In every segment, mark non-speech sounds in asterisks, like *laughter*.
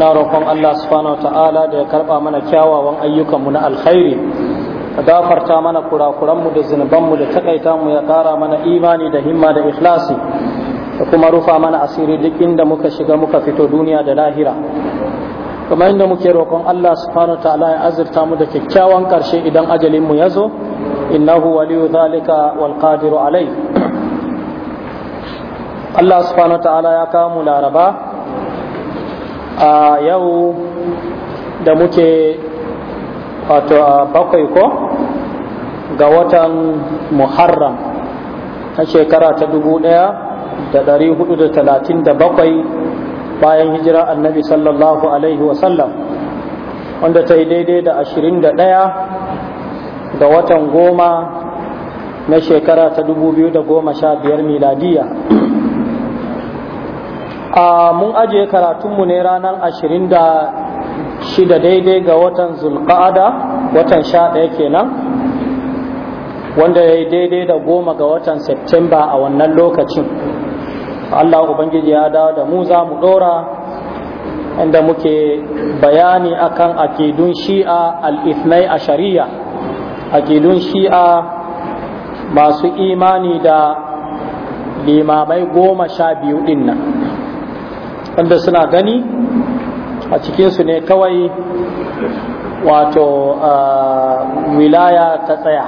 muna roƙon Allah subhanahu ta'ala da ya karɓa mana kyawawan ayyukanmu na alkhairi ka gafarta mana kurakuranmu da zunubanmu da takaita mu ya ƙara mana imani da himma da ikhlasi da kuma rufa mana asiri duk inda muka shiga muka fito duniya da lahira kamar inda muke roƙon Allah subhanahu ta'ala ya azurta mu da kyakkyawan ƙarshe idan ajalin mu ya zo innahu waliyu zalika wal qadiru alai Allah subhanahu ta'ala ya kawo mu laraba a yau da muke wato a bakwai ko ga watan muharram na shekara ta dubu ɗaya da dari hudu da talatin da bakwai bayan hijira annabi sallallahu alaihi wasallam wanda ta yi daidai da ashirin da ɗaya ga watan goma na shekara ta dubu biyu da goma sha biyar miladiya mun ajiye mu ne ranar ashirin da shida daidai ga watan zulqa'ada watan 11 kenan wanda ya yi daidai da goma ga watan septemba a wannan lokacin allah ubangiji ya dawo da mu za mu ɗora inda muke bayani akan akidun shi'a al-ithnai a shari'a akidun shi'a masu imani da limamai goma sha biyu din nan wanda suna gani a cikinsu ne kawai wato wilaya ta tsaya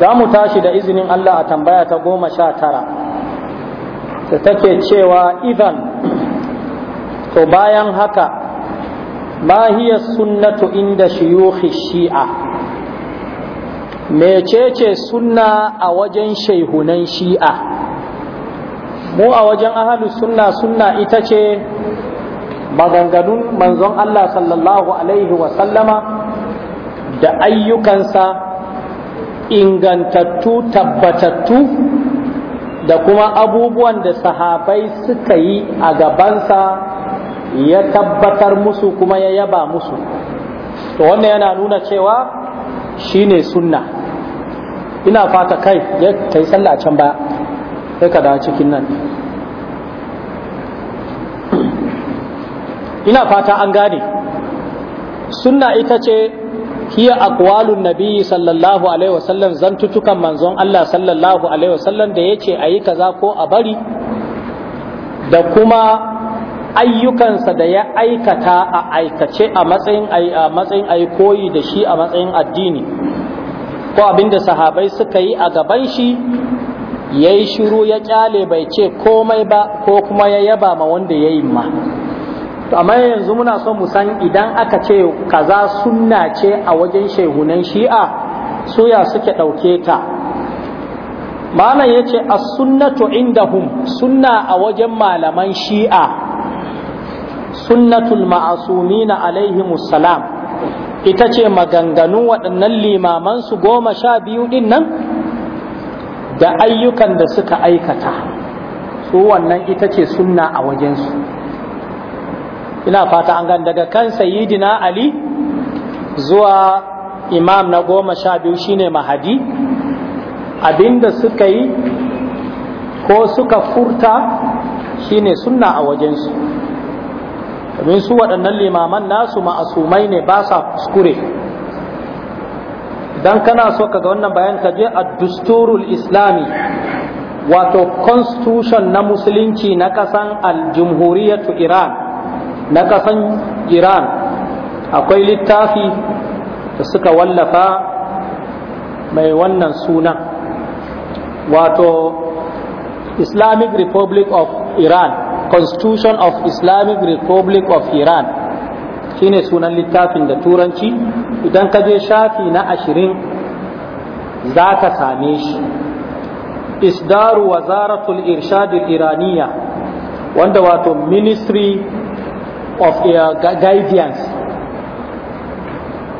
za mu tashi da izinin Allah a tambaya ta goma sha tara da take cewa idan to bayan haka ma hiya sunnatu inda shiyuhi shi'a mecece sunna a wajen shaihunan shi'a mu a wajen ahalus sunna sunna ita ce maganganun manzon Allah sallallahu alaihi sallama da ayyukansa ingantattu tabbatattu da kuma abubuwan da sahabai suka yi a gabansa ya tabbatar musu kuma ya yaba musu to wannan yana nuna cewa shine sunna ina fata kai ya kai sallah can ba sai ka dawo cikin nan ina fata an gane sunna ita ce hiya aqwalun nabiyyi sallallahu alaihi wasallam zantutukan manzon Allah sallallahu alaihi wasallam da yace ayi kaza ko a bari da kuma ayyukansa da ya aikata a aikace a matsayin a matsayin ayi koyi da shi a matsayin addini ko abinda sahabai suka yi a gaban shi ya yi shiru ya kyale bai ce komai ba ko kuma ya yaba ma wanda ya yi ma amma yanzu muna son mu san idan aka ce kaza sunna ce a wajen shehunan shi'a suya suke ɗauke ta malam ya ce as sunnatu indahum sunna a wajen malaman shi'a sunnatul ma'asumina alaihimus salam ita ce maganganun waɗannan limamansu goma sha biyu ɗin nan da ayyukan da suka aikata su wannan ita ce sunna a wajensu ina fata an gan daga kan sayidina ali zuwa imam na goma sha biyu shine mahadi abinda suka yi ko suka furta shine sunna a wajensu domin su waɗannan limaman nasu ma'asumai ne ba sa kuskure dan kana so ka ga wannan bayan ka je a dusturul islami wato constitution na musulunci na kasan al iran na kasan iran akwai littafi da suka wallafa mai wannan sunan wato islamic republic of iran constitution of islamic republic of iran shine sunan littafin da turanci idan ka je shafi na ashirin za ka same shi isdaru wazaratul irshadul iraniya wanda wato ministry of guidance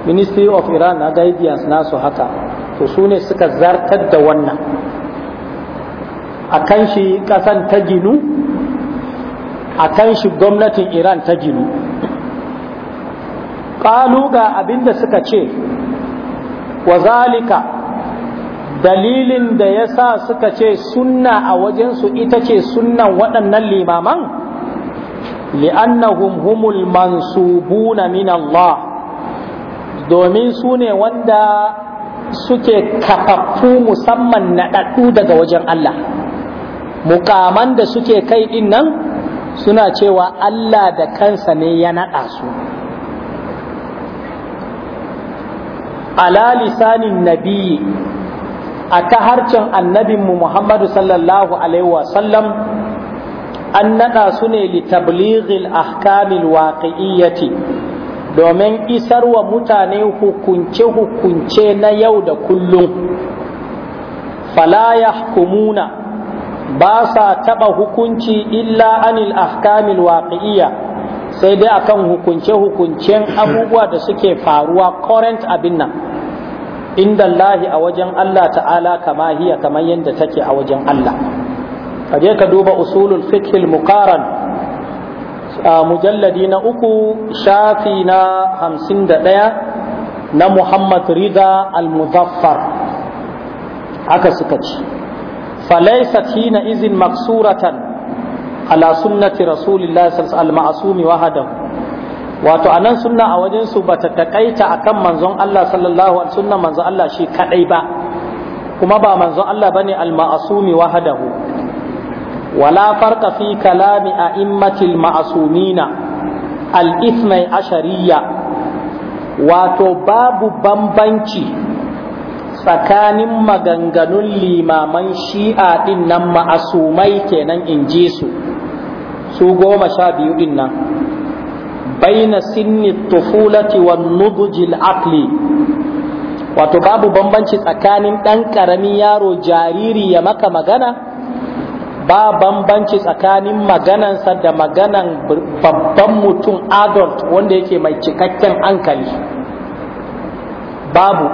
ministry of iran na guidance nasu haka to su ne suka zartar da wannan a kan shi kasan ta ginu a kan shi gwamnatin iran ta ginu qalu ga abinda suka ce wa zalika dalilin da yasa suka ce sunna a wajensu ita ce sunnan waɗannan limaman li'annahum humul mansubuna min Allah domin su ne wanda suke kafaffu musamman naɗaɗɗu daga wajen Allah mukaman da suke kai ɗin nan suna cewa Allah da kansa ne ya naɗa su ala lisanin nabiyyi a ta harcen annabinmu Muhammadu sallallahu alaihi wasallam an naɗa su ne litablighil ahkamil waqi'iyyati domin isarwa mutane hukunce-hukunce na yau da kullum fala yahkumuna ba sa taɓa hukunci illa anil ahkamil waƙi'iyya sai dai akan hukunce-hukuncen abubuwa da suke faruwa current abin nan inda Allahi a wajen Allah ta'ala kamahiya kamar yadda take a wajen Allah ka je ka duba usulul fikhil muqaran mujalladi na uku shafi na hamsin da ɗaya na Muhammad Rida al-Muzaffar haka suka ci falaisat hina izin maksuratan ala sunnati rasulillahi sallallahu alaihi ma'asumi wahadahu wato a nan sunna a wajen su bata takaita akan manzon Allah sallallahu alaihi sunna manzon Allah shi kadai ba kuma ba manzon Allah bane al ma'asumi wahadahu wala farqa fi kalami a'immatil ma'asumina al ithnai ashariyya wato babu bambanci tsakanin maganganun limaman shi'a ɗin nan ma'asumai kenan in ji su su goma sha biyu din nan baina sinni tufulati wa nudujil aqli wato babu bambanci tsakanin ɗan karamin yaro jariri ya maka magana ba bambanci tsakanin maganansa da maganan babban mutum adult wanda yake mai cikakken hankali babu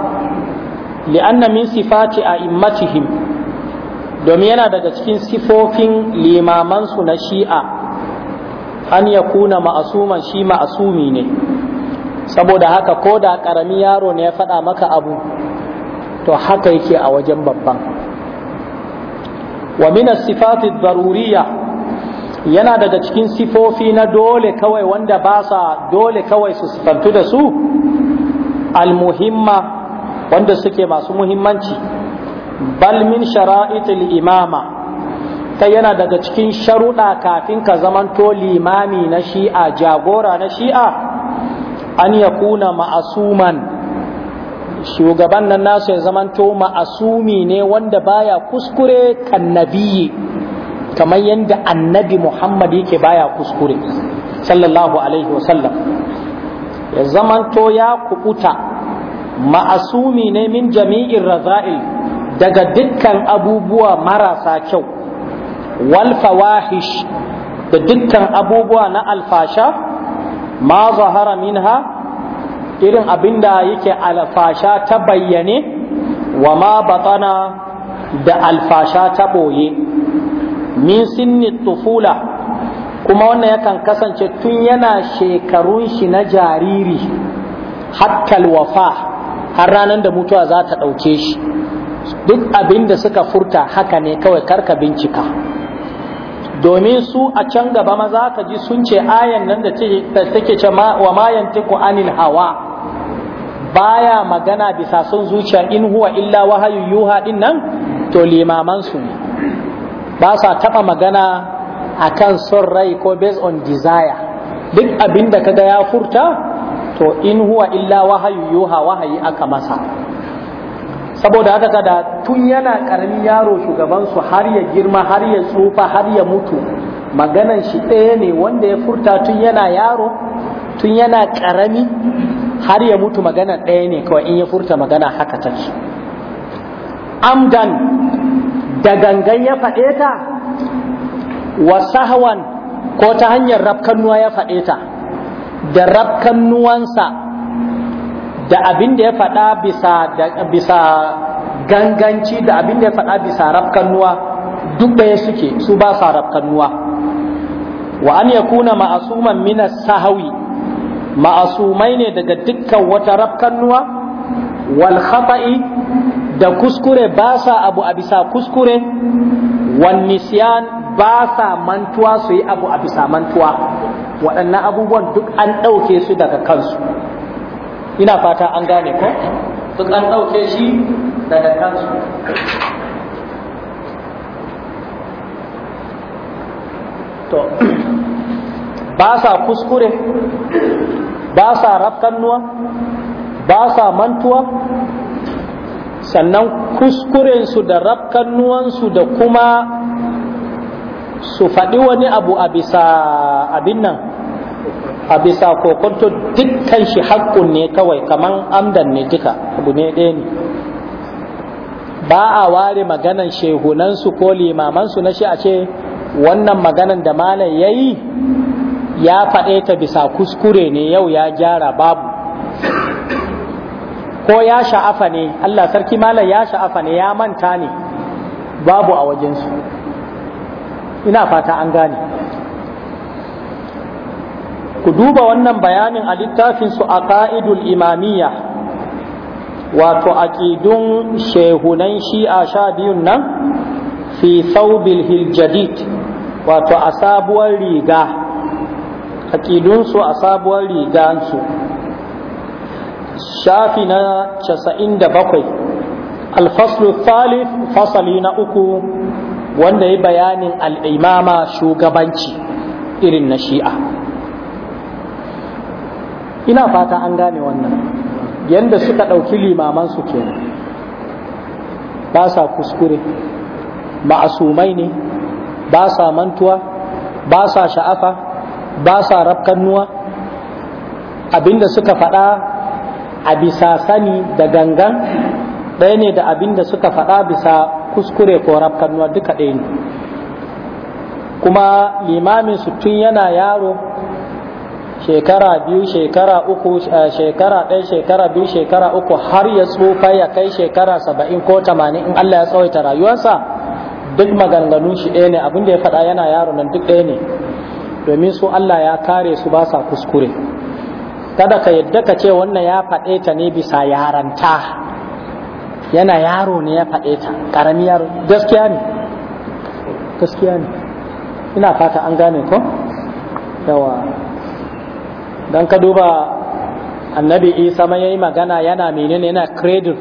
li'anna min sifati a immatihim domin yana daga cikin sifofin limamansu na shi'a an ya kuna ma'asuman shi ma'asumi ne saboda haka ko da ƙarami yaro ne ya faɗa maka abu to haka yake a wajen babban wa min sifati daruriya yana daga cikin sifofi na dole kawai wanda ba sa dole kawai su sifantu da su almuhimma wanda suke masu muhimmanci bal min shara'itul imama ta yana daga cikin sharuɗa kafin ka zamanto limami na shi'a jagora na shi'a an ya kuna ma'asuman shugaban nan nasu ya zamanto ma'asumi ne wanda baya kuskure kan nabiye kamar yadda annabi muhammad yake baya kuskure sallallahu alaihi wasallam ya zamanto ya kuɓuta ma'asumi ne min jami'in raza'il daga dukkan abubuwa marasa kyau Walfa wahish da dukkan abubuwa na alfasha ma zahara minha irin abinda yake alfasha ta bayyane wa ma batana da alfasha ta ɓoye. min sinni tufula kuma wannan yakan kasance tun yana shekarun shi na jariri hattal wafa har ranar da mutuwa za ta ɗauke shi duk abin da suka furta haka ne kawai kar ka bincika domin su a can gaba maza ka ji sun ce ayan nan da take ce wa mayan tiku anil hawa baya magana bisa sun zuciya in huwa illa wahayu yuha din nan to limaman su ne ba sa taba magana akan son rai ko based on desire duk abinda da kaga ya furta to in huwa illa wahayu yuha wahayi aka masa saboda haka kada tun yana karamin yaro shugabansu har ya girma har ya tsufa har ya mutu maganan shi ɗaya ne wanda ya furta tun yana yaro tun yana karami har ya mutu maganan ɗaya ne kawai in ya furta magana haka take amdan da gangan ya faɗe ta wa sahawan ko ta hanyar rafkannuwa ya faɗe ta da rafkannuwansa da abin da ya faɗa bisa ganganci da abin da ya faɗa bisa rafkannuwa duk ɗaya suke su ba sa rafkannuwa wa an yakuna ma'asuman minas sahawi ma'asumai ne daga dukkan wata rafkannuwa wal khata'i da kuskure ba sa abu a bisa kuskure wan nisyan ba sa mantuwa su yi abu a bisa mantuwa waɗannan abubuwan duk an ɗauke su daga kansu ina fata an gane ko duk an ɗauke shi daga kansu to *clears throat* ba sa kuskure ba sa rafkannuwa ba sa mantuwa sannan kuskurensu da rafkannuwansu da kuma su faɗi wani abu a bisa abin nan a bisa kokonto dukkan shi haƙƙun ne kawai kaman amdan ne duka abu ne ɗaya ne ba a ware maganan shehunansu ko limamansu na shi a ce wannan maganan da malam ya yi ya faɗe ta bisa kuskure ne yau ya gyara babu ko ya sha'afa ne Allah sarki malam ya sha'afa ne ya manta ne babu a wajensu ina fata an gane ku duba wannan bayanin a littafin su a ka'idul imamiyya wato aƙidun shehunan shi'a sha biyun nan fi saubil hiljadid wato a sabuwar riga aƙidunsu a sabuwar rigansu shafi na casa'in da bakwai alfaslu thalif fasali na uku wanda ya bayanin al'imama shugabanci irin na shi'a ina fata an gane wannan yadda suka ɗauki limamansu kenan ba sa kuskure ma'asumai ne ba sa mantuwa ba sa sha'afa ba sa rafkannuwa abinda suka faɗa a bisa sani da gangan ɗaya ne da abinda suka faɗa bisa kuskure ko rafkannuwa duka ɗaya ne kuma limamin su tun yana yaro shekara biyu shekara uku shekara ɗaya shekara biyu shekara uku har ya tsufa ya kai shekara saba'in ko tamanin in Allah ya tsawaita rayuwarsa duk maganganun shi ɗaya ne abin da ya faɗa yana yaro nan duk ɗaya ne domin su Allah ya kare su ba sa kuskure kada ka yadda ka ce wannan ya faɗe ta ne bisa yaranta yana yaro ne ya faɗe ta ƙarami yaro gaskiya ne gaskiya ne ina fata an gane ko yawa don ka duba annabi isa ma yayi magana yana menene yana credit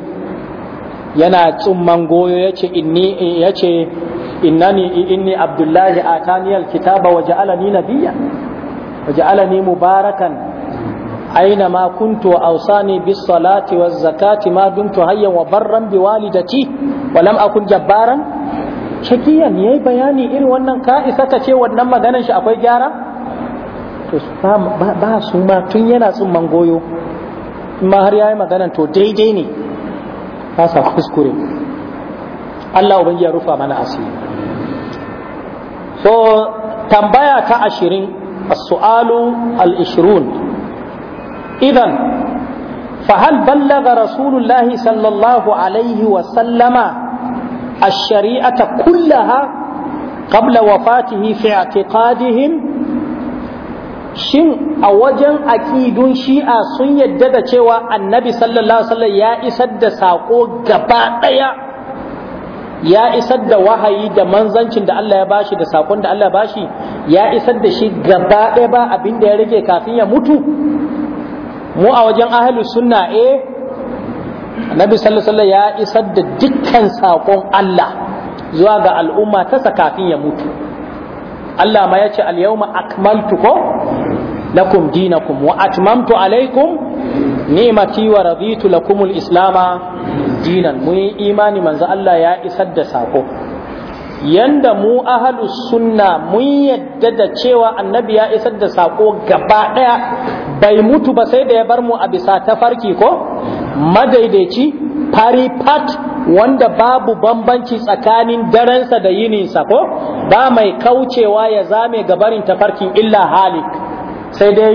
yana tsumman goyo yace inni yace innani inni abdullahi atani alkitaba wa ja'alani nabiyya wa ja'alani mubarakan aina ma kuntu wa awsani bis salati waz zakati ma dumtu hayyan wa barran bi walidati wa lam akun jabbaran shakiyan yayi bayani irin wannan ka isa ta ce wannan maganar shi akwai gyara to ba su ma tun yana tsumman goyo ma har yayi magana to daidai ne ba sa kuskure Allah ubangi ya rufa mana asiri so tambaya ta ashirin as-su'alu al-ishrun idan فهل بلغ رسول الله صلى الله عليه وسلم الشريعة كلها قبل وفاته في اعتقادهم shin a wajen aƙidun shi'a sun yadda da cewa annabi sallallahu alaihi ya isar da saƙo gaba ɗaya ya isar da wahayi da manzancin da Allah ya bashi da saƙon da Allah ya bashi ya isar da shi gaba ɗaya ba abin da ya rage kafin ya mutu mu a wajen ahlus sunna eh annabi sallallahu alaihi ya isar da dukkan sakon Allah zuwa ga al'umma ta kafin ya mutu Allah ma ya ce al-yawma akmaltu ko lakum dinakum wa atmamtu alaikum ni'mati wa raditu lakum al dinan mu yi imani manzo Allah ya isar da sako yanda mu ahlus sunna mun yadda da cewa annabi ya isar da sako gaba daya bai mutu ba sai da ya bar mu a bisa tafarki ko madaidaici fari pat wanda babu bambanci tsakanin darensa da yinisa ko ba mai kaucewa ya zame gabarin tafarkin illa halik sai dai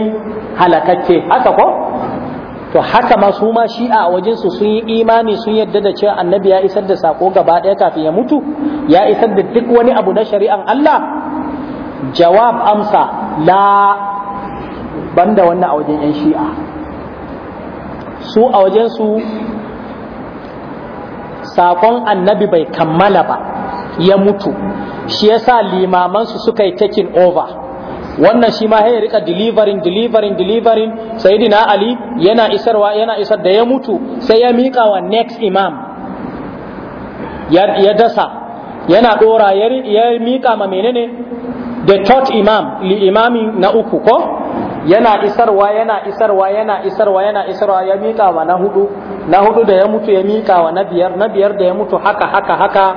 halakakke haka ko to haka ma su ma shi'a a su sun yi imani sun yadda da cewa annabi ya isar da sako gaba ɗaya kafin ya mutu ya isar da duk wani abu na shari'an Allah jawab amsa la banda wannan a wajen 'yan shi'a su a su sakon annabi bai kammala ba ya mutu shi yasa limamansu suka yi taking over wannan shi ma ya rika delivering delivering delivering sayyidina ali yana isarwa yana isar da ya mutu sai ya mika wa next imam ya dasa yana dora ya mika ma menene the third imam li imami na uku ko yana isarwa yana isarwa yana isarwa yana isarwa ya mika wa na hudu na hudu da ya mutu ya mika wa na biyar na biyar da ya mutu haka haka haka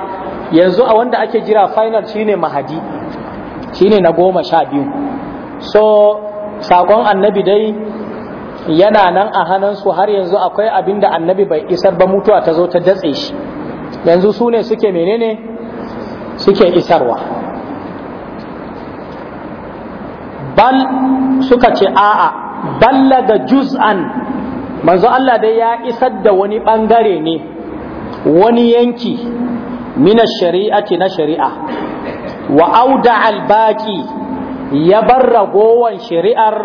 yanzu a wanda ake jira final shine mahadi shine na goma sha biyu so sakon annabi dai yana nan a hannunsu har yanzu akwai abin da annabi bai isar ba mutuwa ta zo ta datse shi yanzu su ne suke menene suke isarwa bal suka ce a'a balla da juz'an manzo Allah dai ya isar da wani bangare ne wani yanki mina shari'ati na shari'a wa auda al baki ya bar ragowan shari'ar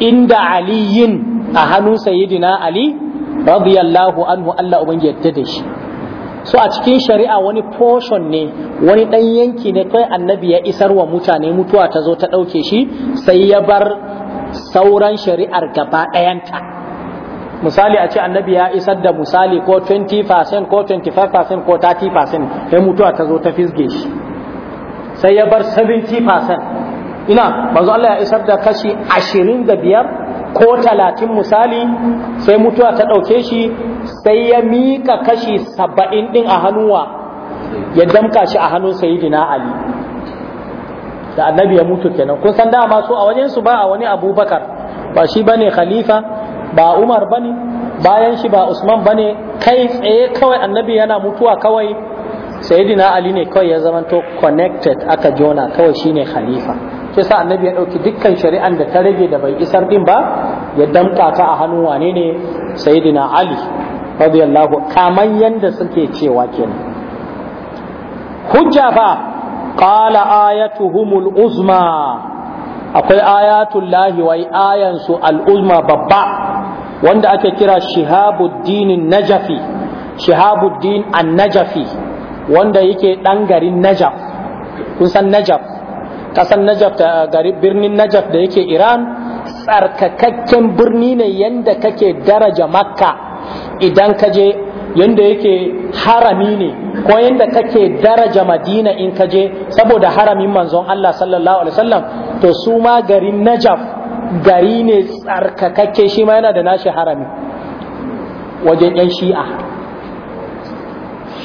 inda aliyin a hannun sayidina ali radiyallahu anhu Allah ubangi yadda da shi so a cikin shari'a wani portion ne wani ɗan yanki ne kai annabi ya isar wa mutane mutuwa ta zo ta ɗauke shi sai ya bar sauran shari'ar gaba ɗayanta misali a ce annabi ya isar da misali ko 20% ko 25% ko 30% sai mutuwa ta zo ta fisge shi sai ya bar 70% ina manzo Allah ya isar da kashi ashirin da biyar ko talatin misali sai mutuwa ta ɗauke shi sai ya mika kashi saba'in ɗin a hannuwa ya damka shi a hannun sayidina ali da annabi ya mutu kenan kun san dama su a wajen su ba a wani abubakar ba shi bane khalifa ba umar bane bayan shi ba usman bane kai tsaye kawai annabi yana mutuwa kawai sayidina ali ne kawai ya zamanto connected aka jona kawai shine khalifa shi sa annabi ya ɗauki dukkan shari'an da ta rage da bai isar din ba ya damƙa ta a hannun wane ne sayyidina ali radiyallahu kaman yanda suke cewa kenan hujja fa qala ayatuhumul uzma akwai ayatul lahi wai ayan su al uzma babba wanda ake kira shihabuddin najafi shihabuddin an najafi wanda yake dan garin najaf kun san najaf kasan najaf da gari birnin najaf da yake iran tsarkakakken birni ne yanda kake daraja makka idan ka je yanda yake harami ne ko yanda kake daraja madina in ka je saboda haramin manzon allah sallallahu alaihi wasallam to su ma garin najaf gari ne tsarkakakke shi ma yana da nashi harami wajen yan shi'a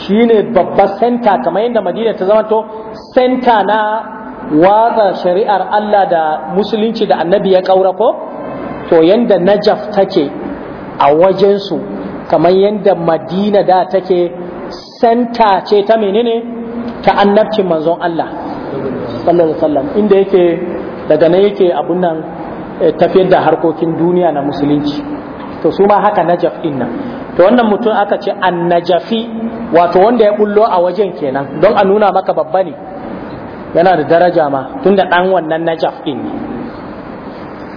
shi ne babbar senta kamar yadda madina ta zama to senta na watsa shari'ar Allah da musulunci da annabi ya ƙaura ko to yanda najaf take a wajensu kamar yanda madina da take santa ce ta menene ta annabcin manzon Allah sallallahu alaihi wasallam inda yake daga nan yake abun nan eh, tafiyar da harkokin duniya na musulunci to su ma haka najaf inna to wannan mutum aka ce annajafi wato wanda ya bullo a wajen kenan don a nuna maka babba ne yana da daraja ma tunda ɗan wannan najaf ɗin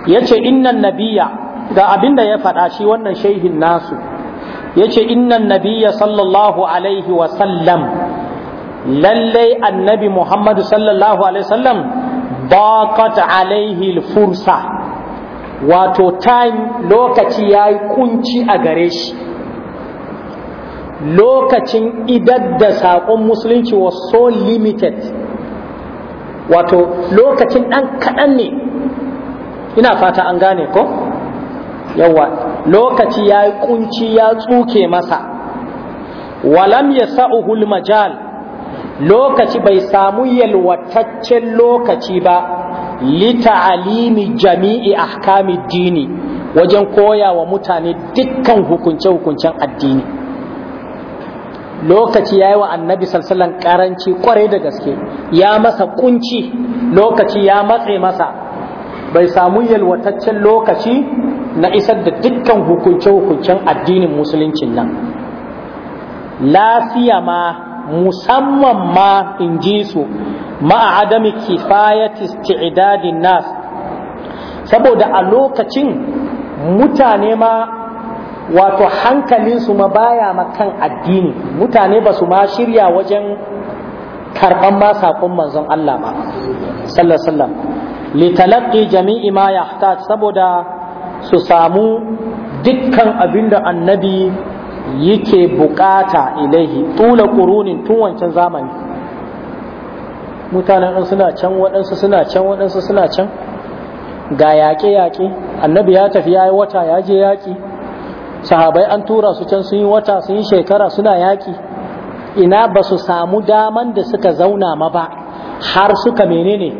ne ce innan nabiyya ga abin da ya faɗa shi wannan shehin nasu yace innan nabiyya sallallahu alaihi wa sallam lallai annabi muhammadu sallallahu alaihi wasallam baqat alaihi fursa wato time lokaci yi kunci a gare shi lokacin idar da saƙon musulunci was so limited wato lokacin ɗan kaɗan ne ina fata an gane ko yawa lokaci ya yi kunci ya tsuke masa walam ya sa'uhul majal lokaci bai samu yalwataccen lokaci ba alimi jami'i ahkami dini wajen koya wa mutane dukkan hukunce-hukuncen addini lokaci ya yi wa annabi salsalan karanci kwarai da gaske ya masa kunci lokaci ya matse masa bai samu yalwataccen lokaci na isar da dukkan hukunce-hukuncen addinin musuluncin nan lafiya ma musamman ma in ji su ma'a adami kifayati nas saboda a lokacin mutane ma wato hankalinsu ma baya makan addini mutane ba su ma shirya wajen karɓan masakon saƙon manzon Allah ba sallallahu litalaqi jami'i ma yahtaj saboda su samu dukkan abinda annabi yake bukata ilaihi tula qurunin tun wancan zamani mutanen ɗan suna can waɗansu suna can waɗansu suna can ga yaƙe-yaƙe annabi ya tafi ya yi wata ya je yaƙi sahabai an tura su can sun yi wata sun yi shekara suna yaƙi ina ba su samu daman da suka zauna ma ba har suka menene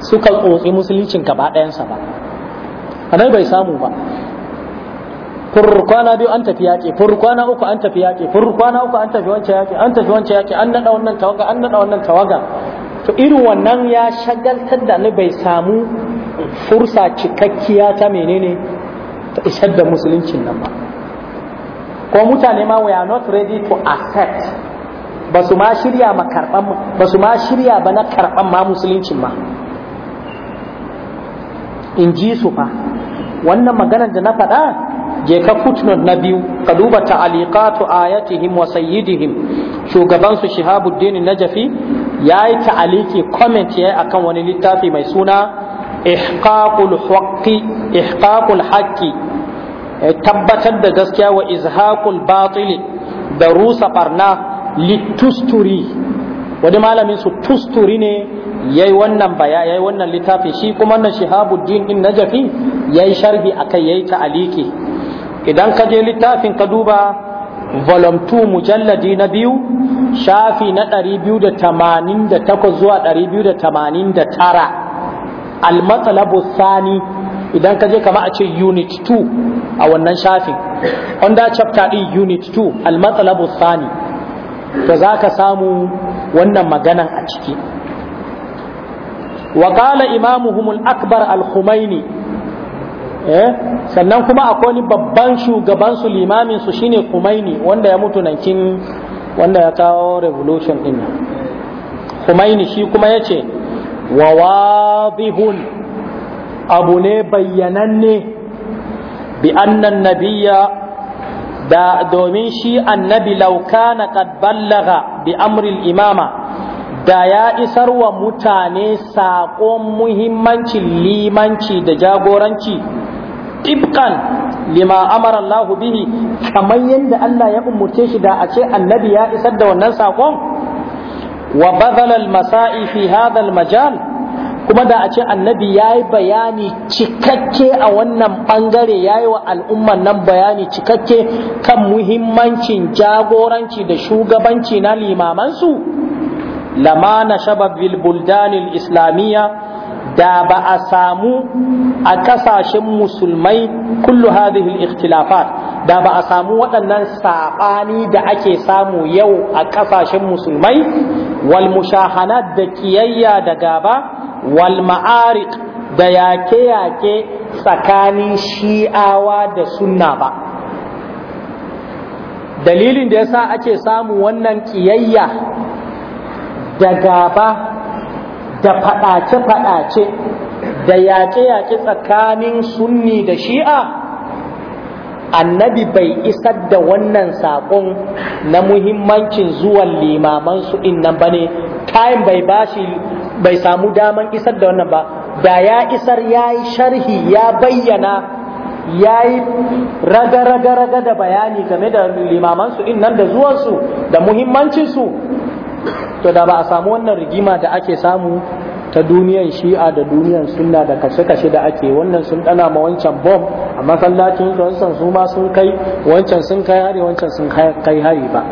suka tsotsi musuluncin gaba ɗayansa ba anai bai samu ba furkwana biyu an tafi yaƙi furkwana uku an tafi yaƙi furkwana uku an tafi wancan yaƙi an tafi wancan yaƙi an naɗa wannan tawaga an naɗa wannan tawaga to irin wannan ya shagaltar da ni bai samu fursa cikakkiya ta menene ta isar da musuluncin nan ba ko mutane ma we are not ready to accept ba su ma shirya ma karban ba su ma shirya ba na karban ma musuluncin ma in ji su fa wannan maganar da na faɗa je ka footnote na biyu ka duba ta'aliqatu ayatihim wa sayyidihim shugaban su Shihabuddin Najafi yayi ta'aliki comment yayi akan wani littafi mai suna ihqaqul haqqi ihqaqul haqqi tabbatar da gaskiya wa izhaqul batili da rusa barna litusturi wani malamin su tusturi ne yayi wannan baya yayi wannan littafi shi kuma wannan shihabuddin din najafi yayi sharhi akai yayi ta'aliki idan ka je littafin ka duba volume 2 mujalladi na biyu shafi na 288 zuwa 289 al-matsalabu sani idan ka je kama a ce unit 2 a wannan shafin under chapter din e, unit 2 al-matsalabu thani to za ka samu wannan maganan a ciki wa qala imamuhum al-akbar al-khumaini eh sannan kuma akwai wani babban shugaban su limamin su shine Khumaini wanda ya mutu nankin wanda ya kawo revolution din Khumaini shi kuma yace wa wadihun abu ne bayyananne bi annan Nabiya da domin shi annabi lauka na ballaga bi amril imama da ya isar wa mutane saƙon muhimmancin limanci da jagoranci ɗibƙan. lima amara Allah bihi kamar yadda Allah ya umurce shi da a ce annabi ya isar da wannan saƙon wa bazalal masa'i fi al majal kuma da a ce annabi ya yi bayani cikakke a wannan bangare ya yi wa al'umman nan bayani cikakke kan muhimmancin jagoranci da shugabanci na limamansu lama na shababil buldanil islamiyya da ba a samu a kasashen musulmai kullu hadhihi ikhtilafat da ba a samu waɗannan saɓani da ake samu yau a kasashen musulmai wal mushahanat da kiyayya da gaba wal da yake-yake tsakanin shi'awa da sunna ba dalilin da yasa ake samu wannan kiyayya da gaba da faɗace-faɗace da yaƙe-yaƙe tsakanin sunni da shi'a annabi bai isar da wannan saƙon na muhimmancin zuwan Limamansu su innan ba ne kayan bai bashi bai samu daman isar da wannan ba da ya isar ya yi sharhi ya bayyana ya yi raga-raga-raga da bayani game da limamansu in nan da zuwansu da muhimmancinsu to da ba a samu wannan rigima da ake samu ta duniyan shi'a da duniyan sunna da kashe-kashe da ake wannan sun dana ma wancan bom a masallacin wancan su ma sun kai wancan sun kai hari wancan sun kai hari ba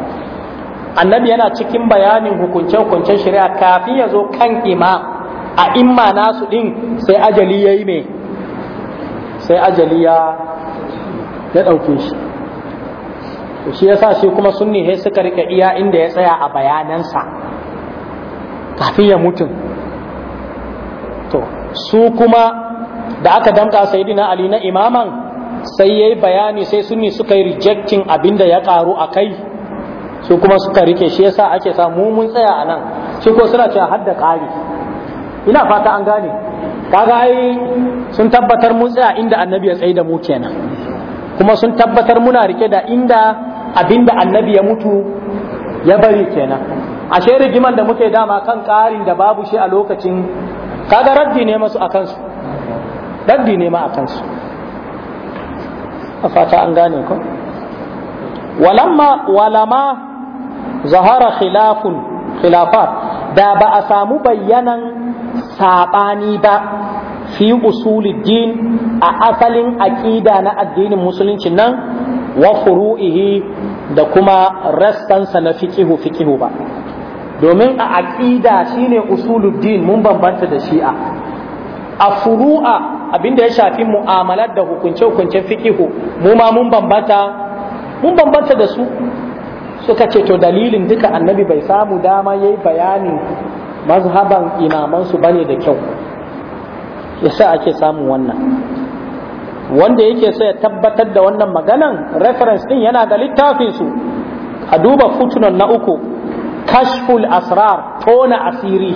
annabi yana cikin bayanin hukunce-hukuncen shari'a kafin ya zo kan ima a imma nasu din sai ajali ya yi mai sai ajali ya ɗauke shi shi ya sa shi kuma sunni sai suka rika iya inda ya tsaya a bayanansa kafin ya mutum to su kuma da aka damta Saidina ali na imaman sai ya yi bayani sai sunni suka yi rejecting abinda ya karu a kai su kuma suka rike shi yasa ake sa mu mun tsaya a nan shi ko suna cewa hadda ƙari ina fata an gane kaga ai sun tabbatar mun tsaya inda annabi ya tsaye da mu kenan kuma sun tabbatar muna rike da inda abinda annabi ya mutu ya bari kenan A ashe rigiman da muke dama kan ƙarin da babu shi a lokacin kaga raddi ne masu a kansu raddi ne ma a kansu a fata an gane ko walamma walama zahara khilafun khilafat da ba a samu bayanan saɓani ba fi usuluddin a asalin aƙida na addinin musulunci nan wa furu'ihi da kuma rassansa na fikihu fikihu ba domin a aƙida shine usuluddin mun bambanta da shi'a a furu'a abinda ya shafi mu'amalar da hukunce-hukuncen fikihu mu ma mun bambanta da su suka ce to dalilin duka annabi bai samu dama yayi bayanin mazhaban imamansu bane da kyau yasa ake samun wannan wanda yake so ya tabbatar da wannan maganan reference din yana ga littafin su a duba futunan na uku kashful asrar tona asiri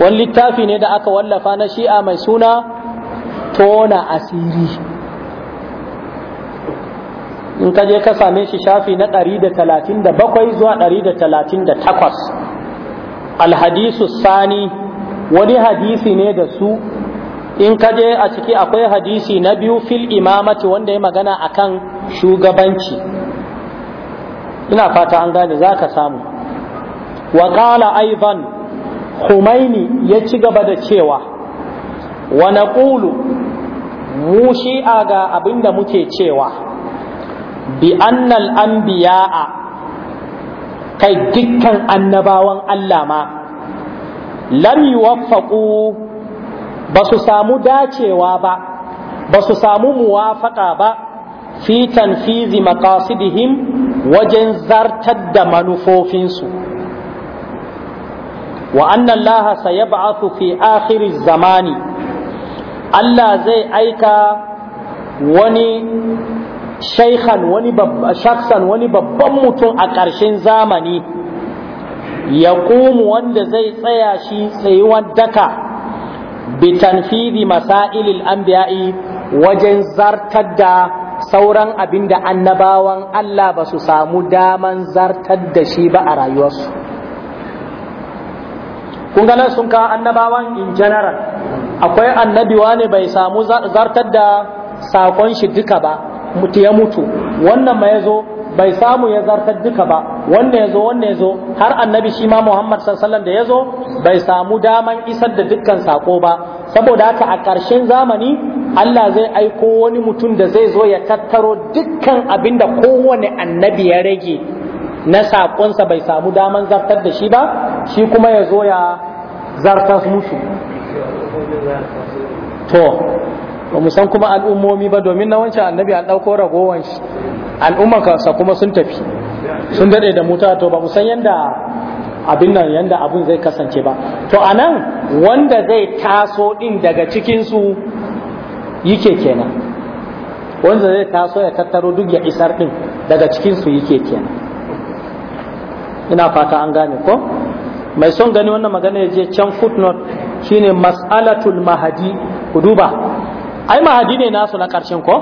wani littafi ne da aka wallafa na shi'a mai suna tona asiri in ka je ka same shi shafi na 137 zuwa 138 alhadisu sani wani hadisi ne da su in ka je a ciki akwai hadisi na biyu fil imamati wanda ya magana akan shugabanci ina fata an gane za ka samu wa qala aidan ya ci gaba da cewa wa naqulu mu shi'a ga abinda muke cewa bi annal a kai dukkan annabawan Allah ma lam yuwaffaqu ba su samu dacewa ba ba su samu muwafaka ba fi tanfizi maqasidihim wajen zartar da manufofinsu wa annan laha sayab'athu fi akhiriz zamani Allah zai aika wani Shaikhan wani shaksan wani babban mutum a ƙarshen zamani ya wanda zai tsaya shi tsayuwar daka bitanfidi masailil anbiya'i wajen zartar da sauran abin da annabawan Allah ba su samu daman zartar da shi ba a rayuwarsu kun ganin sun kawo annabawan in general akwai annabiwa ne bai samu zartar da sakon shi duka ba mutu ya mutu wannan ma yazo bai samu ya zartar duka ba wannan yazo zo yazo har annabi shi ma muhammad sallallahu da ya zo bai samu daman isar da dukkan sako ba saboda haka a ƙarshen zamani allah zai aiko wani mutum da zai zo ya tattaro dukkan abin da kowane annabi ya rage na sakonsa bai samu daman zartar da shi ba shi kuma ya zo ya zartar musu to ba san kuma al'ummomi ba domin na wancan annabi an ɗauko ragowar al'umman kansa kuma sun tafi sun daɗe da mutuwa to ba mu san yanda abin nan yanda abun zai kasance ba to anan wanda zai taso ɗin daga cikinsu yake kenan wanda zai taso ya tattaro duk ya isar ɗin daga cikinsu yake kenan ina fata an gane ko mai son gani wannan magana ya je can footnote shine mas'alatul mahadi ku duba ai mahadi ne nasu na karshen ko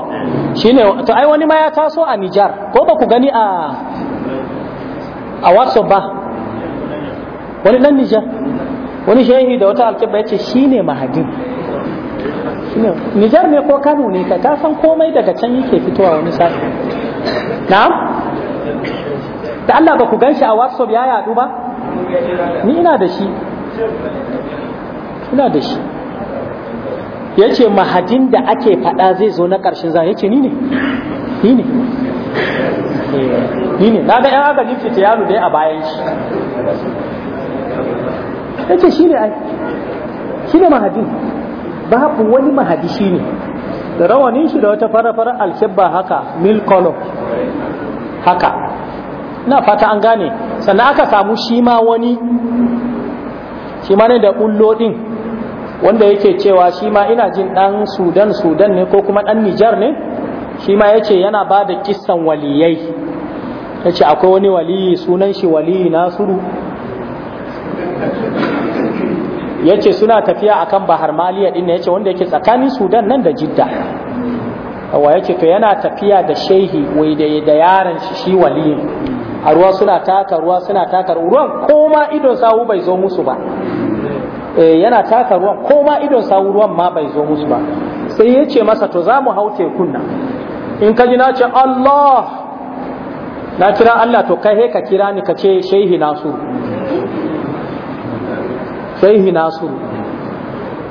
shine to ai wani ma ya taso a Nijar ko ba ku gani a a WhatsApp ba wani dan Nijar wani shehi da wata alƙibba shi ne mahadi Nijar ne ko Kano ne ka ta san komai daga can yake fitowa wani sa'i na'am da Allah ba ku gan shi a WhatsApp ya yadu ba ni ina da shi ina da shi ya ce mahadin da ake faɗa zai zo na ƙarshen za ya ni ne ni ne ni ne na ga yan agajin fitiyanu dai a bayan shi ya ce shi ne ai shi ne mahadin babu wani mahadi shi ne da rawanin shi da wata fara-fara alkebba haka mil kolo haka na fata an gane sannan aka samu shi ma wani shi ma ne da ullo wanda yake cewa shi ma ina jin dan sudan sudan ne ko kuma dan nijar ne shi ma yace yana ba da kissan waliyai yace akwai wani waliyi sunan shi waliyi nasiru yace suna tafiya akan bahar maliya din yace wanda yake tsakanin sudan nan da jidda wa yace to yana tafiya da shehi wai da da yaran shi shi waliyin a ruwa suna taka ruwa suna taka ruwan koma idon sawu bai zo musu ba Eh, yana taka ruwan ko ma idon sawu ruwan ma bai zo musu ba sai ya ce masa to za mu hau tekun nan in ka ji na ce Allah na kira Allah to kai ka kira ni ka ce shehi nasu shehi nasu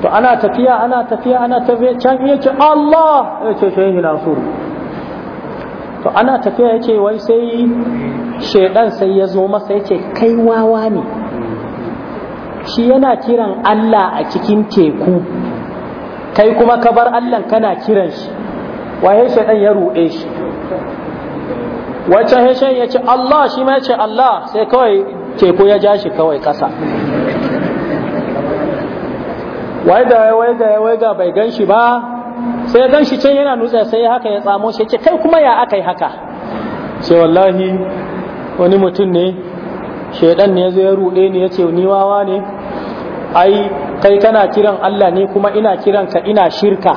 to ana tafiya ana tafiya ana tafiya can ya ce Allah ya ce shehi nasu to ana tafiya ya ce wai sai shaidan sai ya zo masa ya ce kai wawa ne shi yana kiran Allah a cikin teku kai kuma ka bar Allah kana kiran shi waye shaidan ya ruɗe shi wacce shaidan ya ce Allah shi ma ya ce Allah sai kawai teku ya ja shi kawai ƙasa wai da wai da wai ga bai gan shi ba sai gan shi can yana nutsa sai haka ya tsamo shi ce kai kuma ya aka yi haka sai wallahi wani mutum ne shaidan ne ya zo ya ruɗe ni ya ce ni wawa ne ai kai kana kiran Allah ne kuma ina kiran ka ina shirka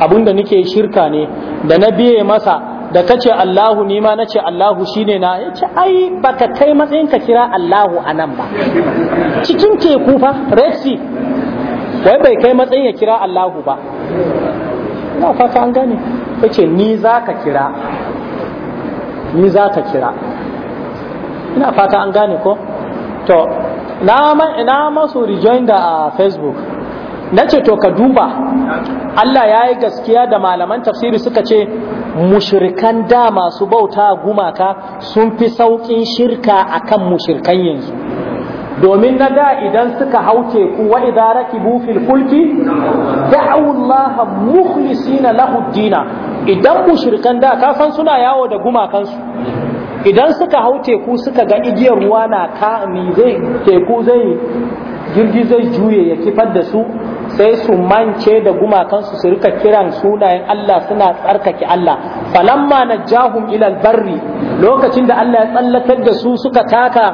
abinda nake shirka ne da na biye masa da kace Allahu ni ma na ce Allahu shine na ya ai baka kai matsayin ka kira Allahu a nan ba cikin teku fa resi? wai bai kai matsayin ya kira Allahu ba ina fata an gane ya ce ni za ka kira ni za ka kira ina fata an gane ko to na masu rejoinder a ah, facebook na ce to ka duba Allah ya yi gaskiya da malaman tafsiri suka ce mushirikan da masu bauta gumaka sun fi sauƙin shirka akan mushirkan yanzu domin na da idan suka hau teku wa idan ki fil fulki da'u Allah mukhlisina lahu dina idan mushirkan da ka suna yawo da gumakansu idan suka hau teku suka ga igiyar ruwa na ka zai teku zai jirgi zai juye ya kifar da su sai su mance da gumakansu su rika kiran sunayen Allah suna tsarkake Allah falamma jahun ilal barri lokacin da Allah ya tsallatar da su suka taka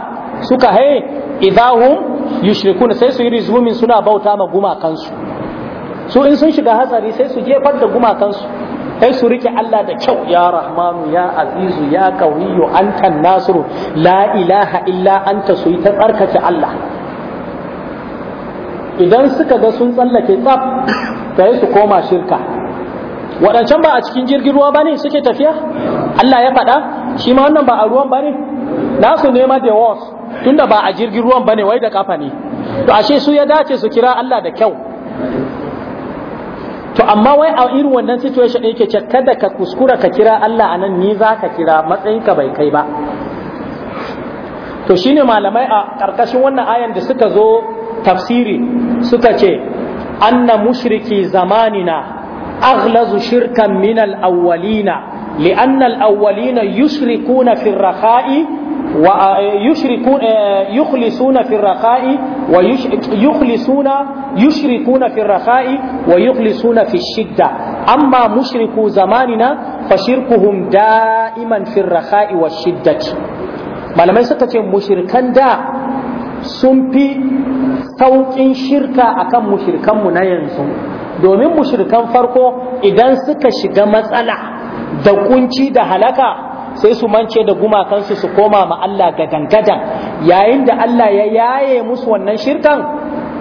suka hai idahum yushrikuna sai su yi rizumin suna bauta ma gumakansu su in sun shiga hatsari sai su jefar da gumakansu Sai su rike Allah da kyau ya rahmanu ya azizu ya qawiyu anta nasiru la ilaha illa anta su yi ta tsarkake Allah idan suka ga sun tsallake tsaf kai su koma shirka waɗancan ba a cikin jirgin ruwa ba ne suke tafiya Allah ya faɗa shi ma wannan ba a ruwan ba ne nasu nema da was tunda ba a jirgin ruwan ba ne wai da kafa ne to ashe su ya dace su kira Allah da kyau to amma wai a irin wannan situation ɗin ke kada ka kuskura ka kira Allah anan ni za ka kira matsayinka bai kai ba to shine malamai a ƙarƙashin wannan ayan da suka zo tafsiri suka ce anna mushriki zamanina aghlazu shirkan minal awwalina li'annal al-awwalina yushrikuna fi ويشركون يخلصون في الرخاء ويخلصون يشركون في الرخاء ويخلصون في الشدة أما مشركو زماننا فشركهم دائما في الرخاء والشدة ما لما يسكت مشركا دا سنفي sauƙin shirka akan mushirkanmu na yanzu domin mushirkan farko idan suka shiga matsala da kunci da halaka sai su mance da gumakansu su koma ma Allah gadan-gadan yayin da Allah ya yaye musu wannan shirkan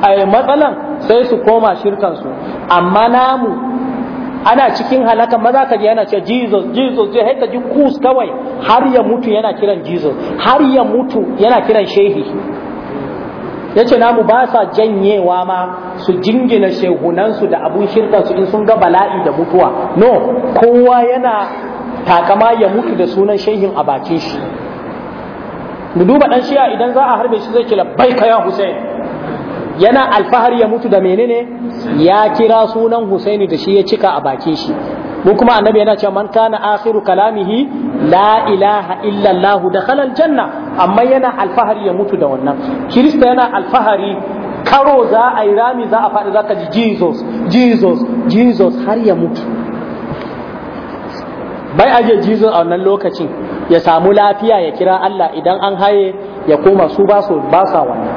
a matsalan sai su koma shirkansu amma namu ana cikin halaka maza ka ji yana ce Jesus Jesus sai haika ji kus kawai har ya mutu yana kiran Jesus har ya mutu yana kiran shehi yace namu ba sa janyewa ma su jingina shehunansu da abun shirkansu in sun ga bala'i da mutuwa no kowa yana takama ya mutu da sunan shehin a bakin shi mu duba dan shiya idan za a harbe shi zai kira labbaika ya Hussein yana alfahari ya mutu da menene ya kira sunan Husaini da shi ya cika a bakin shi mu kuma annabi yana cewa man kana akhiru kalamihi la ilaha illa Allah dakhala aljanna amma yana alfahari ya mutu da wannan kirista yana alfahari karo za a yi rami za a faɗi zaka ji Jesus Jesus Jesus har ya mutu bai aje jizon a wannan lokacin ya samu lafiya ya kira Allah idan an haye ya koma su ba su ba sa wannan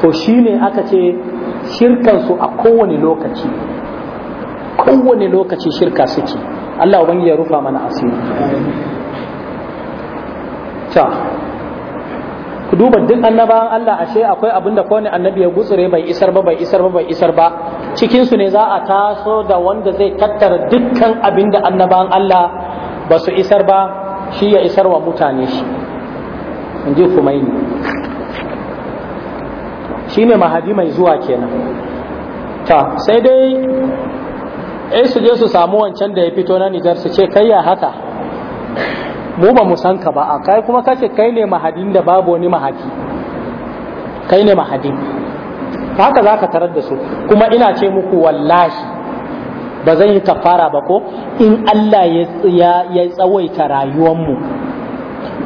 to shine aka ce shirkan su a kowane lokaci kowane lokaci shirka suke Allah ubangiji ya rufa mana asiri ta ku duba duk annabawan Allah ashe akwai abinda kowane annabi ya gutsure bai isar ba bai isar ba bai isar ba cikinsu ne za a taso da wanda zai tattara dukkan abin da annaban Allah ba su isar ba shi ya isar wa mutane shi in ji kumaini shi ne mahadi mai zuwa kenan ta sai dai ai eh, su je su samu wancan da ya fito na nijar su ce kai ya haka mu ba mu san ka ba a kai kuma kace kai ne mahadin da babu wani mahadi kai ne mahadin haka za ka tarar da su kuma ina ce muku wallahi ba zan yi kafara ba ko in Allah ya tsawaita rayuwanmu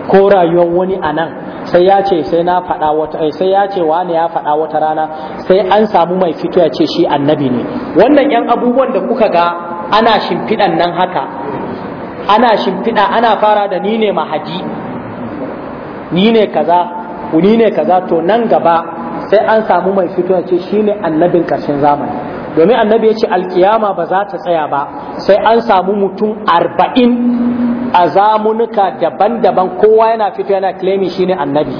ko rayuwar wani a nan sai ya ce sai na faɗa wata eh, sai ya ce wani ya faɗa wata rana sai an samu mai fito ya ce shi annabi ne wannan yan abubuwan da kuka ga ana shimfiɗan nan haka ana shimfiɗa ana fara da ni ne mahaji ni ne kaza ni ne kaza to nan gaba sai an samu mai fito ya ce shine annabin karshen zamani domin annabi ya ce alkiyama ba za ta tsaya ba sai an samu mutum arba'in a zamunuka daban-daban kowa yana fito yana claiming shine annabi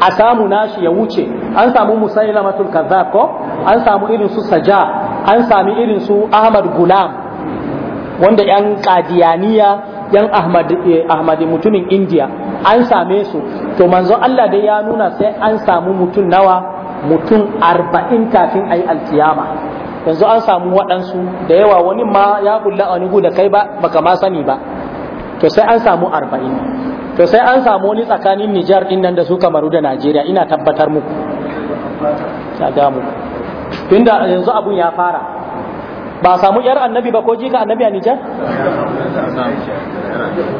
a samu nashi ya wuce an samu musailamatul kaza ko an samu irin su saja an sami irin su ahmad gulam wanda yan kadiyaniya yan eh, ahmadi mutumin indiya an same su to manzo Allah dai ya nuna sai an samu mutum nawa mutum arba'in kafin a yi alkiyama yanzu an samu waɗansu da yawa wani ma ya bulla a wani da kai ba baka ma sani ba to sai an samu arba'in to sai an samu wani tsakanin Nijar din nan da su Kamaru da Najeriya ina tabbatar muku ta ga muku tunda yanzu abun ya fara ba samu yar annabi ba ko jika annabi a Nijar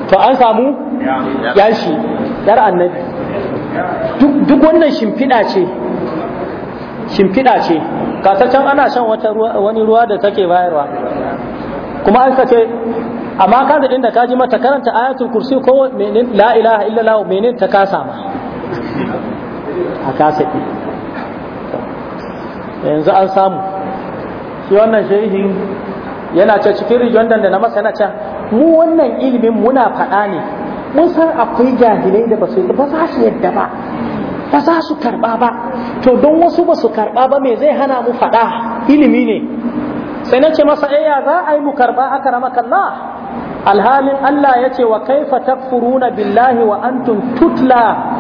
to an samu yashi yardar annabi duk wannan shimfiɗa ce shimfiɗa ce kasacen ana shan wani ruwa da take bayarwa kuma an sace amma ka da inda kaji mata karanta ayatul kursi ko menin la ilaha illallah menin ta kasa ma a kasa ɗi yanzu an samu shi wannan shehin yana ce cikin rijiyon da na masa na can mu wannan ilimin muna faɗa ne mun san akwai jahilai da ba su ba za su yadda ba ba za su karba ba to don wasu ba su karɓa ba me zai hana mu faɗa ilimi ne sai na ce masa eh, ya za a yi mu karba aka rama kalla alhalin Allah ya ce wa kaifa takfuruna billahi wa antum tutla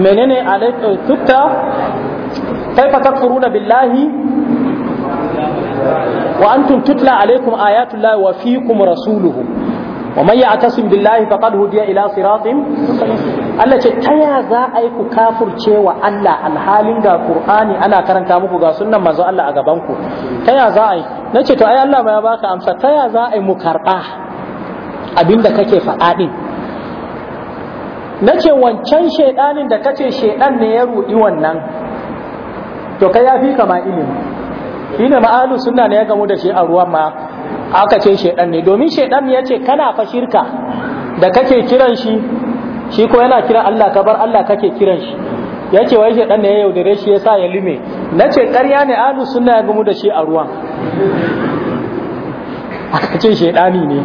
menene alaikum eh, tutta kaifa takfuruna billahi wa antum tutla alaikum ayatullahi wa fiikum rasuluhu wa man ya'tasim billahi faqad hudiya ila siratin Allah ce ta ya za a yi ku kafurce Allah alhalin ga Qur'ani ana karanta muku ga sunnan manzo Allah a gaban ku ta ya za a yi nace to ai Allah ma ya baka amsa ta ya za a yi mu karba abinda kake faɗa din nace wancan shaidanin da kace shaidan ne ya rudi wannan to kai ya fi kama ilimi shine ma ahlus sunna ne ya gamu da shi a ruwan ma aka ce shaidan ne domin shaidan ya ce kana fa shirka da kake kiran shi shi ko yana kira Allah ka bar Allah kake kiran shi ya ce wai shaidan ne ya yaudare shi yasa ya lime na ce ƙarya ne alu suna ya gumu da shi a ruwan *laughs* aka ce shaidani ne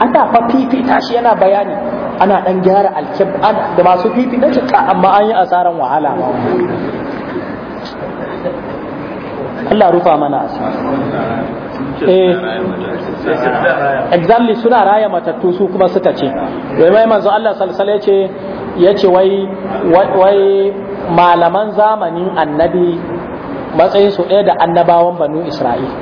ana fa fifita shi yana bayani ana dan gyara alkyab da masu fifita ka amma an yi asaran wahala Allah rufa mana eh, exactly suna raya matattu su kuma suka ce wai mai manzo Allah salsala ce ya ce wai malaman zamanin annabi matsayin ɗaya da annabawan banu Isra'il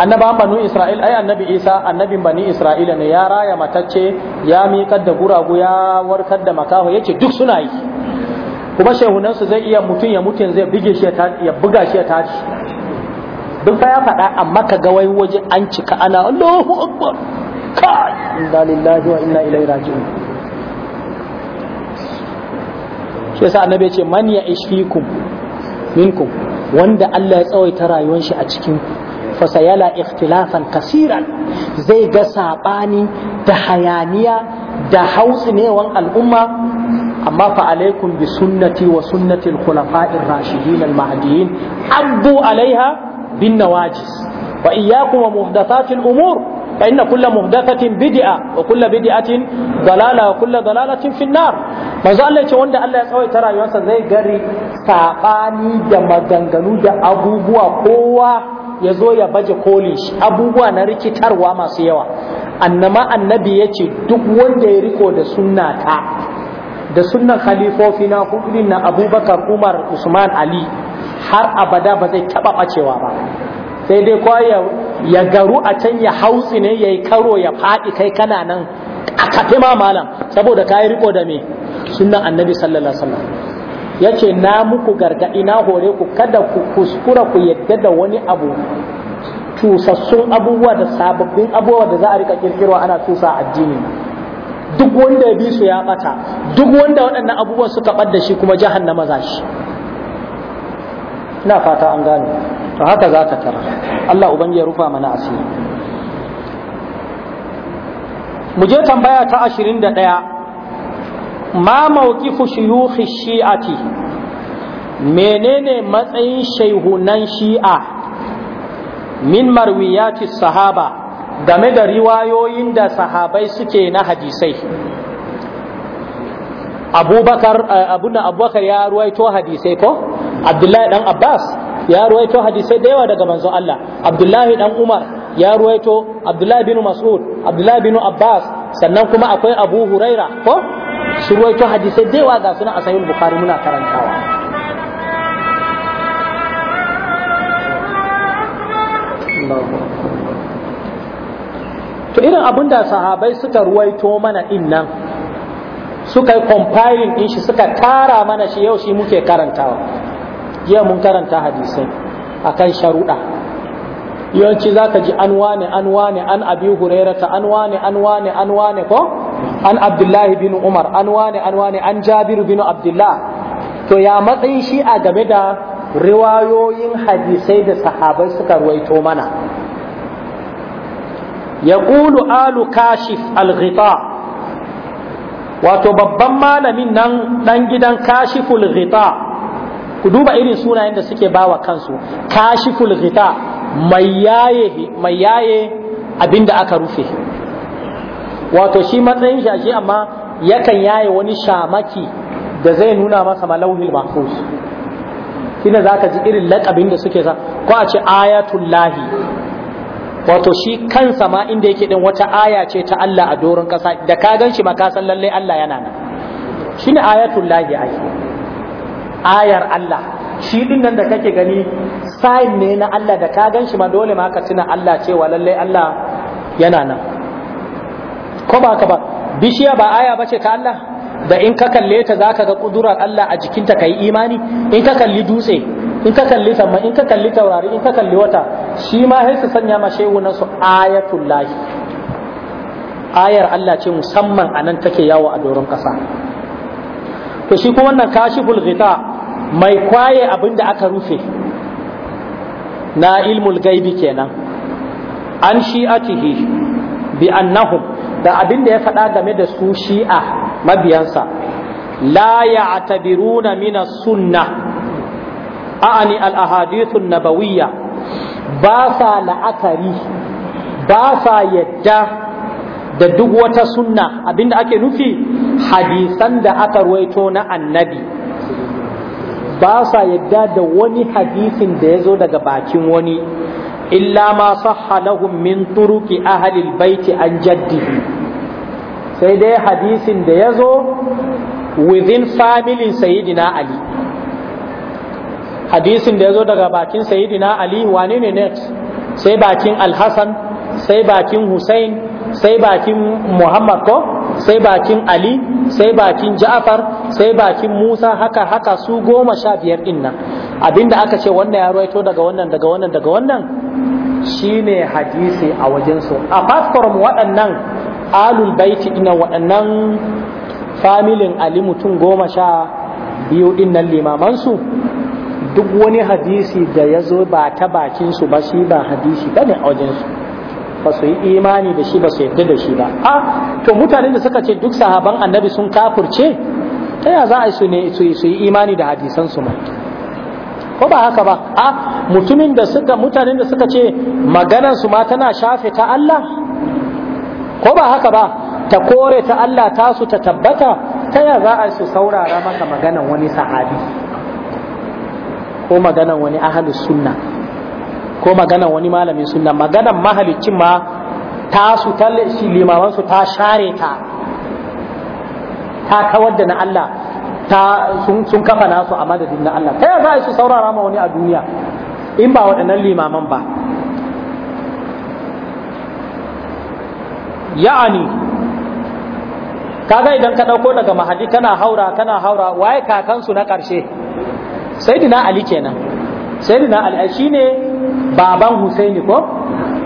annabawan banu Isra'il ai annabi Isa annabin bani Isra'ila ne ya raya matacce ya miƙar da guragu ya warkar da makaho ce duk suna yi kuma shehunansu zai iya mutum ya mutum zai ya buga shi ya tashi duk fa ya faɗa amma ka ga wai waje an cika ana Allahu akbar kai inna lillahi wa inna ilaihi raji'un shi yasa annabi ya ce man ya ishfikum minkum wanda Allah ya tsawaita rayuwar shi a cikin fasayala ikhtilafan kasiran zai ga sabani da hayaniya da hautsinewan al'umma amma fa alaikum bi sunnati wa sunnati al-khulafa'ir rashidin al-mahdiyyin abdu alaiha bin nawajis wa iyyakum wa muhdathatil umur fa inna kulla muhdathatin bid'a wa kulla bid'atin dalala wa kulla dalalatin fi an-nar manzo Allah ya wanda Allah ya tsawaita rayuwarsa zai gari sabani da maganganu da abubuwa kowa ya zo ya baje kolin shi abubuwa na rikitarwa masu yawa annama annabi ya ce duk wanda ya riko da sunnata da sunan khalifofi na hudunin na abubakar umar usman ali har abada ba zai taba bacewa ba sai dai kwaya ya garu a can ya hausi ne ya yi karo ya faɗi kai kana nan a kafe ma malam saboda ka yi riko da me Sunan annabi sallallahu alaihi wasallam ce na muku gargaɗi na hore ku kada ku kuskura ku yadda da wani abu tusassun abubuwa da sababbin abubuwa da za a rika kirkirwa ana tusa addini duk wanda ya bi su ya bata duk wanda waɗannan abubuwan suka ɓadda shi kuma jahannama za shi ina fata an gane to haka za ta tara Allah ubangi ya rufa mana asiri mu je tambaya ta da ma mawqifu shuyukh shi'ati menene matsayin shaihunan shi'a min marwiyati sahaba game da riwayoyin da sahabai suke na hadisai abubakar eh, abuna abubakar ya ruwaito hadisai ko abdullahi dan abbas ya ruwaito hadisai da yawa daga manzon Allah abdullahi dan umar ya ruwaito abdullahi bin mas'ud abdullahi bin abbas sannan kuma akwai abu huraira ko shi ruwaito hadisai da yawa ga suna a sahih bukhari muna karantawa irin abin da sahabai suka ruwaito mana innan nan suka yi compiling din shi suka tara mana shi yau shi muke karantawa jiya mun karanta hadisai akan sharuɗa yawanci zaka ji an wane an wane an abi hurairata an wane an wane an wane ko an abdullahi bin umar an wane an wane an jabiru bin abdullah to ya matsayin shi a game da riwayoyin hadisai da sahabai suka ruwaito mana yaqulu alu kashif al wato babban malamin nan dan gidan kashiful ghita ku duba irin sunayen da suke bawa kansu kashiful ghita mai yaye mai yaye abinda aka rufe wato shi matsayin shi amma yakan yaye wani shamaki da zai nuna masa malauhil mahfuz za zaka ji irin lakabin da suke sa ko a ce ayatul wato shi kansa ma inda yake din wata aya ce ta Allah a doron kasa da ka gan shi ma ka san lalle Allah yana nan ne ayatul lahi ai ayar Allah shi din nan da kake gani sign ne na Allah da ka gan shi ma dole ma ka tuna Allah cewa lalle Allah yana nan ko ba ka ba bishiya ba aya bace ta Allah da in ka kalle ta zaka ga kudurar Allah a jikinta kai imani in ka kalli dutse in ka kalli sama in ka kalli taurari in ka kalli wata shi ma sai su sanya ma shehunan su ayatul lahi ayar Allah ce musamman anan take yawo a doron kasa to shi kuma wannan kashiful ghita mai kwaye abin da aka rufe na ilmul gaibi kenan an shi'atihi bi annahum da abin da ya faɗa game da su shi'a mabiyansa لا يعتبرون من السنة al الأحاديث النبوية ba sa la'akari ba sa yadda da duk wata sunna abinda ake nufi hadisan da aka ruwaito na annabi ba sa yadda da wani hadisin da ya zo daga bakin wani illa ma sahha lahum min turuki ahlil baiti an jaddihi sai dai hadisin da ya zo within family sayyidina ali hadisin da ya zo daga bakin sayidina ali wane ne next sai bakin alhassan sai bakin hussein sai bakin muhammad ko sai bakin ali sai bakin ja'far sai bakin musa haka haka su goma sha biyar din nan abinda aka ce wannan ya ruwaito daga wannan daga wannan daga wannan shine hadisi a wajensu apart from waɗannan alul baiti ina waɗannan familin ali mutum goma sha biyu dinnan limamansu wani hadisi da ya zo ba ta bakin su ba shi ba hadisi bane a wajen su ba su yi imani da shi ba su yadda da shi ba a to mutanen da suka ce duk sahaban annabi sun kafurce ta ya za a su ne su yi imani da hadisan su ma ko ba haka ba a mutumin da suka mutanen da suka ce maganan su ma tana shafe ta Allah ko ba haka ba ta kore ta Allah tasu ta tabbata ta ya za a su saurara maka maganan wani sahabi ko maganan wani ahalus sunna ko maganan wani malamin sunna maganan mahalicin ma ta su limaman su ta share ta ta kawar da na Allah ta sun kafa nasu a madadin na Allah ta yaya su saurara ma wani a duniya in ba waɗannan limaman ba ya'ani kaga idan ka ɗauko daga mahadi kana haura kana haura waye kakansu na ƙarshe sayyidina ali kenan sayyidina ali shine baban husaini ko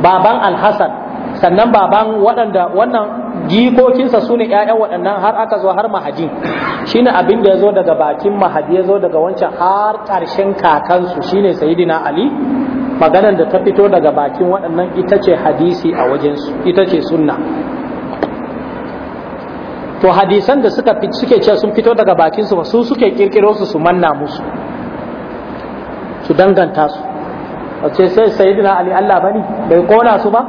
baban alhasan sannan baban waɗanda wannan jikokinsa su ne ‘ya'yan waɗannan har aka zo har mahadi shi ne abin da ya zo daga bakin mahadi ya zo daga wancan har ƙarshen kakansu shi ne sayidina ali maganar da ta fito daga bakin waɗannan ita ce hadisi a wajensu ita ce sunna to hadisan da suka suke ce sun fito daga bakinsu ba su suke kirkiro su su manna musu su danganta su a ce sai sayyidina ali Allah bane bai kona su ba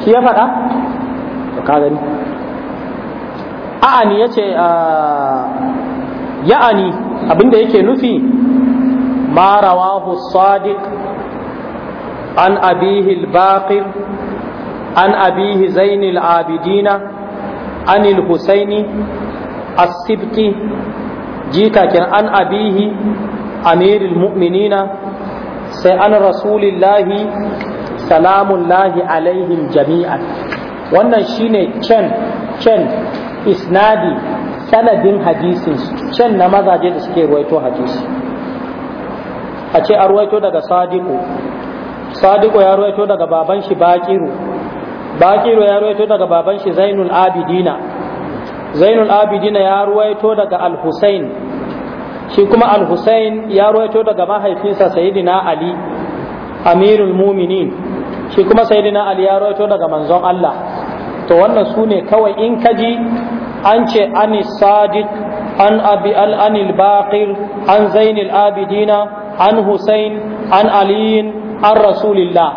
shi ya faɗa to ka gani a'ani ce, ah, ya'ani abinda yake nufi ma rawahu sadiq an abihi al-baqir an abihi zain abidina an al-husaini as-sibti jika kin an abihi amirul mu'minina sai an rasulillahi salamun lahi alaihim jami'an wannan shine can can isnadi sanadin hadisin can na mazaje da suke ruwaito hadisi a ce a ruwaito daga sadiku sadiku ya ruwaito daga baban shi bakiru bakiru ya ruwaito daga baban shi zainul abidina zainul abidina ya ruwaito daga al-husain shi kuma al-Husayn ya rawaito daga mahaifinsa sayyidina Ali amirul muminin shi kuma sayyidina Ali ya rawaito daga manzon Allah to wannan su ne kawai in kaji an ce ani sadiq an abi al anil baqir an zainil abidina an husain an aliyin an rasulillah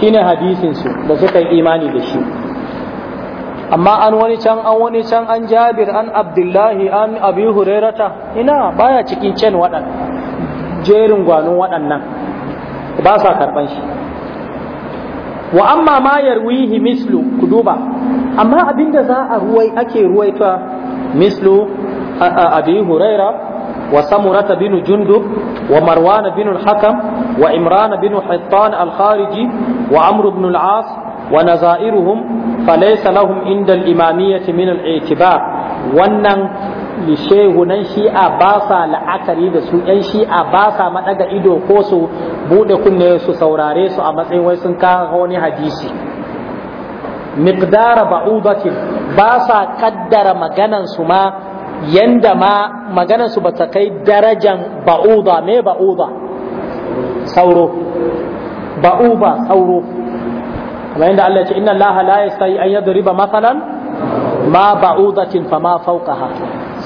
shine hadisin su da suka yi imani da shi amma an wani can an wani can an jabir an abdullahi an abi hurairata ina baya cikin can waɗan jerin gwanon waɗannan ba sa karɓan shi wa amma ma yarwihi mislu ku duba amma abinda za a ruwai ake ruwaita mislu abi huraira wa samurata bin jundub wa marwana bin hakam wa imrana bin hittan al-khariji wa amru ibn al-as wa nazairuhum falaysa lahum inda al-imamiyyati min al-i'tibar wannan shehunan shi'a ba sa la'akari da su yan shi'a ba sa madaga ido ko su bude kunne su saurare su a matsayin wai sun kawo wani hadisi miqdara ba'udatin ba sa kaddara maganan su ma yanda ma maganan su bata kai darajan ba'uda me ba'uda sauro ba'uba sauro kamar yadda Allah ya ce inna Allah la yastai an yadriba masalan ma ba'udatin fa ma fawqaha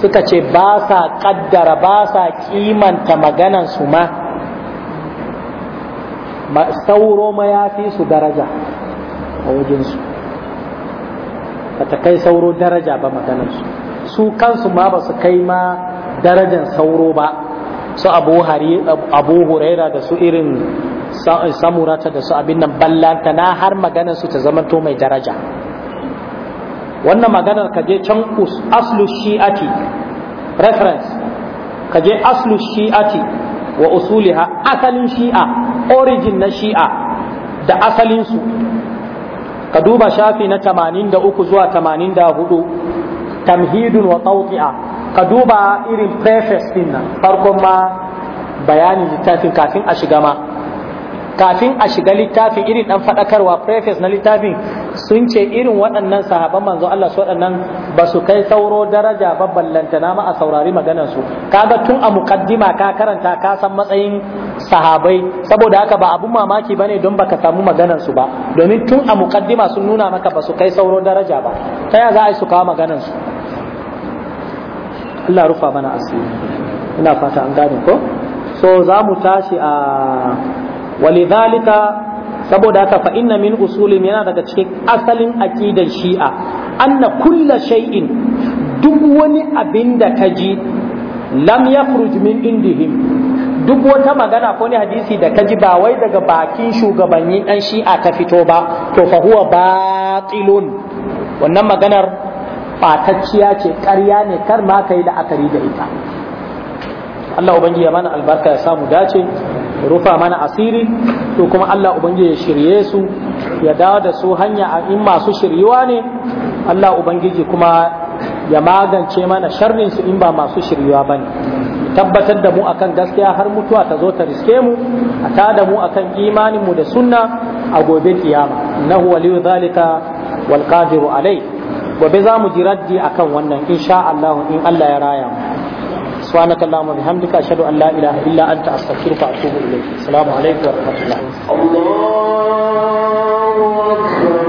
suka ce ba sa kaddara ba sa kimanta maganan su ma sauro ma ya fi su daraja a wajensu ba ta kai sauro daraja ba maganansu su kansu ma ba su kai ma darajan sauro ba su abu hari abu huraira da su irin samurata da su abin nan ballanta na har maganar su ta to mai daraja wannan maganar ka je can aslu shi'ati reference ka je aslu shi'ati wa usuliha asalin shi'a origin na shi'a da asalin su ka duba shafi na 83 zuwa 84 tamhidun wa tawti'a ka duba irin preface din nan farkon ma bayanin littafin kafin a shiga ma kafin a shiga littafin irin dan fadakarwa preface na littafin sun ce irin waɗannan sahaban manzo Allah su waɗannan ba su kai sauro daraja ba lantana ma a saurari maganar su kaga tun a muqaddima ka karanta ka san matsayin sahabai saboda haka ba abun mamaki bane don baka samu maganar su ba domin tun a muqaddima sun nuna maka ba su kai sauro daraja ba ta ya za a yi su kawo maganar su Allah rufa mana asiri ina fata an gane ko so za mu tashi a walidhalika saboda haka fa inna min usulin yana daga cikin asalin aqidar shi'a anna kulla shay'in duk wani abin da ka ji lam yakhruj min indihim duk wata magana ko ne hadisi da ka ji ba wai daga bakin shugabannin ɗan shi'a ta fito ba to fa huwa batilun wannan maganar batacciya ce ƙarya ne kar ma ka yi la'akari da ita Allah ubangiji ya mana albarka ya samu dace rufa mana asiri to kuma Allah ubangiji ya shirye su ya dawo da su hanya in masu shiryuwa ne Allah ubangiji kuma ya magance mana sharrin su in ba masu shiryuwa bane tabbatar da mu akan gaskiya har mutuwa ta zo ta riske mu a ta da mu akan imanin mu da sunna a gobe kiyama innahu waliyu zalika wal qadiru alayhi gobe za mu ji raddi akan wannan insha Allah in Allah ya raya mu سبحانك اللهم وبحمدك اشهد ان لا اله الا انت استغفرك واتوب اليك السلام عليكم ورحمه الله الله اكبر